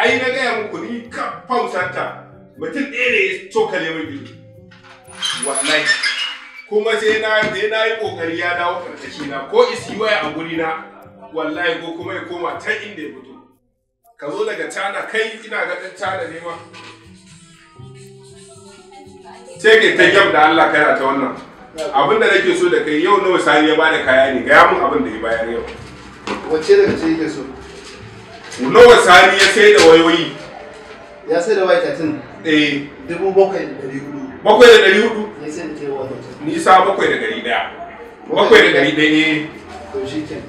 ai na gaya muku ni ka fausanta mutum ɗaya ne ya cokale min gidi wallahi kuma sai na sai na yi kokari ya dawo karkashi na ko isi waya a guri na wallahi ko kuma ya koma ta inda ya fito ka zo daga tana kai ina ga dan tana ne ma take ta yam da Allah kai ta wannan abin da nake so da kai yau nawa sani ya bada kaya ne ga mun abin da ya bayar yau wacce daga ce yake so nawa sani ya sai da wayoyi ya sai da wayoyi 13 eh dubu bakwai da dari hudu bakwai da dari hudu ya sai da kewa wata nisa bakwai da dari daya bakwai da dari daya ne to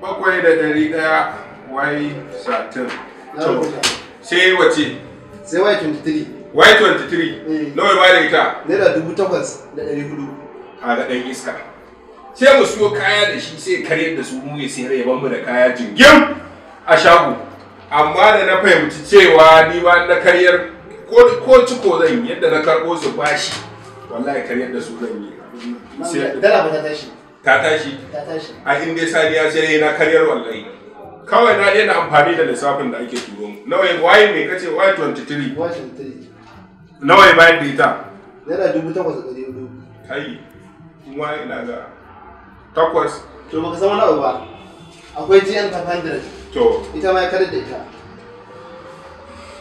bakwai da dari daya satin sai wace sai wai 23 wai 23 nawa ba da ita naira dubu takwas da dari hudu a ga ɗan iska sai mu siyo kaya da shi sai karyar da su mu ya sayar ya mu da kaya jingim a shago amma da na fahimci cewa ni ma na karyar ko ciko zan yi yadda na karɓo su bashi wallahi karyar da su zan yi dala ba ta tashi ta tashi ta tashi a inda sariya sai na karyar wallahi kawai na daina amfani da lissafin da ake turo mu nawa waye mai kace waye 23 waye 23 nawa bayan da ita yana dubu takwas da ɗari hudu kai kuma ina ga Takwas. To baka san wani abu ba. Akwai GM 500. To. Ita ma ya karar da ita.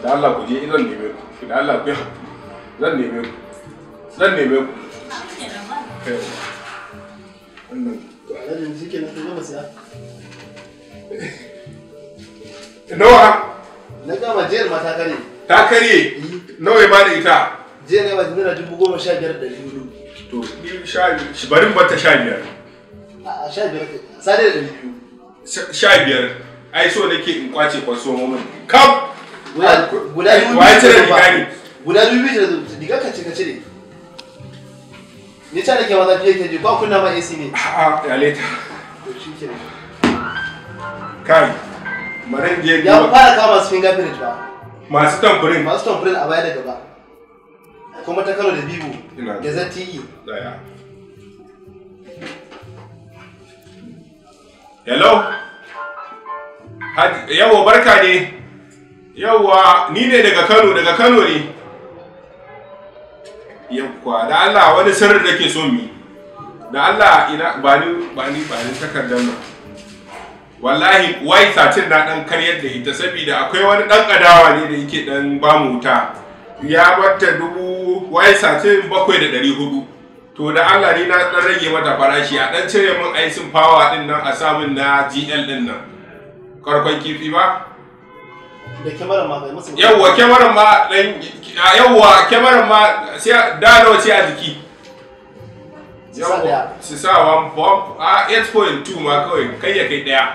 Da Allah ku je zan neme ku. Da Allah ku zan neme ku. Zan neme ku. Wannan. Alhaji shi ke na kuma siya. Nawa? Na gama jiyar ma ta kare. Ta kare? Eh. Nawa ya bada ita? jiyar ne ba dubu goma sha biyar da ɗari To, ni sha biyar. Barin bata sha biyar. sha biyar sai da ɗari sha biyar ai so nake in kwace kwaso momin Kam! guda biyu wai cire riga ne guda biyu biyu da riga ka cire cire ni ta nake maza fiye ke ji ba kunna ma AC ne a'a ya leta kai maran je ya fara kama masu fingerprint ba masu tamfurin masu tamfurin a baya da gaba kuma ta kano da bibo da zati e. hello yawo barka ne yawa ni ne daga kano daga kano ne yawa da allah wani sirri da ke son mi da allah ina ba ni ba ni ba ni takardar nan wallahi wai satin na dan karyar da ita saboda akwai wani dan kadawa ne da yake dan bamu wuta ya wata dubu wai satin bakwai da dari hudu to da Allah ni na dan rage mata farashi a dan cire min aisin fawa din nan a samun na GL din nan karkon kifi ba da ma musu yawwa kyamarar ma dan yawwa kyamarar ma sai dalo ce a jiki yawwa su sa wan bomb a 8.2 ma kawai kai ya kai daya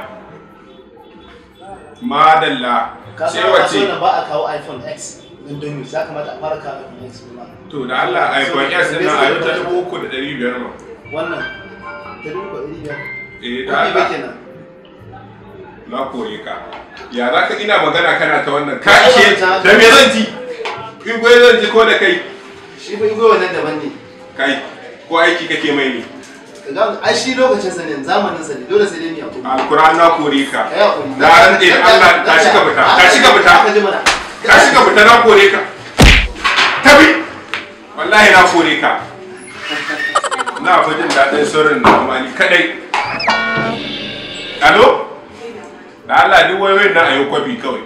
madalla sai wace ba a kawo iPhone X din domin ya kamata a fara kawo iPhone X to da Allah a ban S din nan a yi ta dubu uku da ɗari biyar ma wannan ta dubu ɗari biyar eh da Allah na kore ka ya za ka ina magana kana ta wannan ka ce da me zan ji zan ji ko da kai shi ba wannan daban ne kai ko aiki kake mai ne ai shi lokacin sa ne zamanin sa ne dole sai dai ni abu alquran na kore ka na rande Allah ta shiga fita ta shiga fita ta shiga fita na kore ka tabi wallahi na kore ka na fajin jin daɗin sirrin da kuma ni kadai alo da Allah duk wayoyin na a yi kwabi kawai